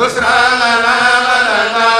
busra lana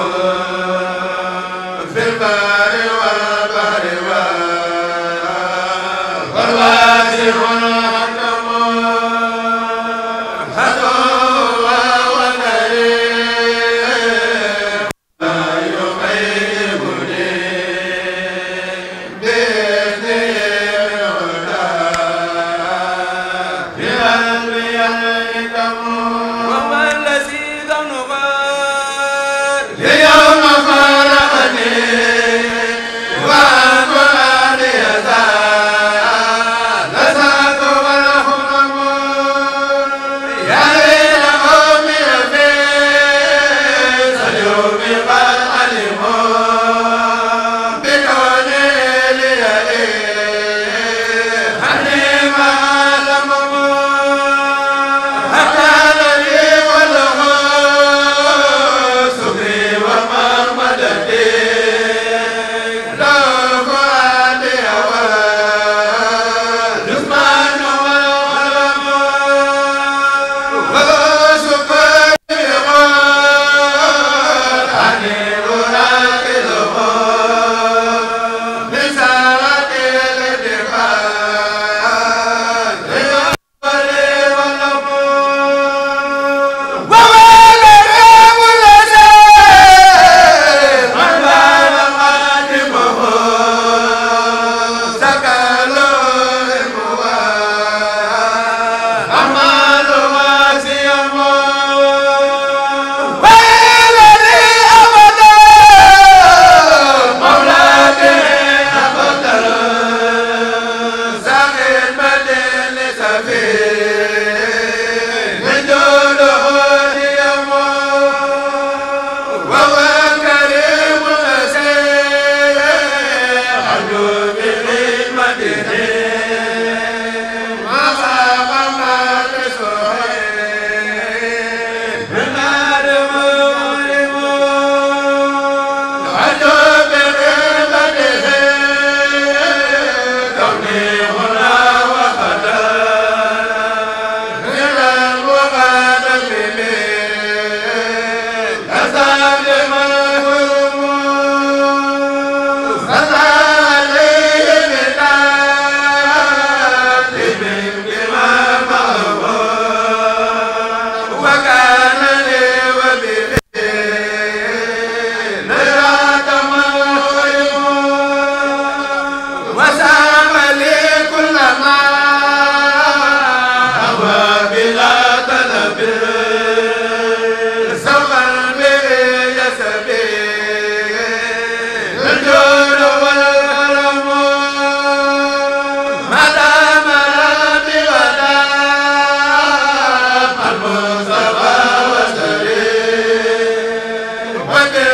la wa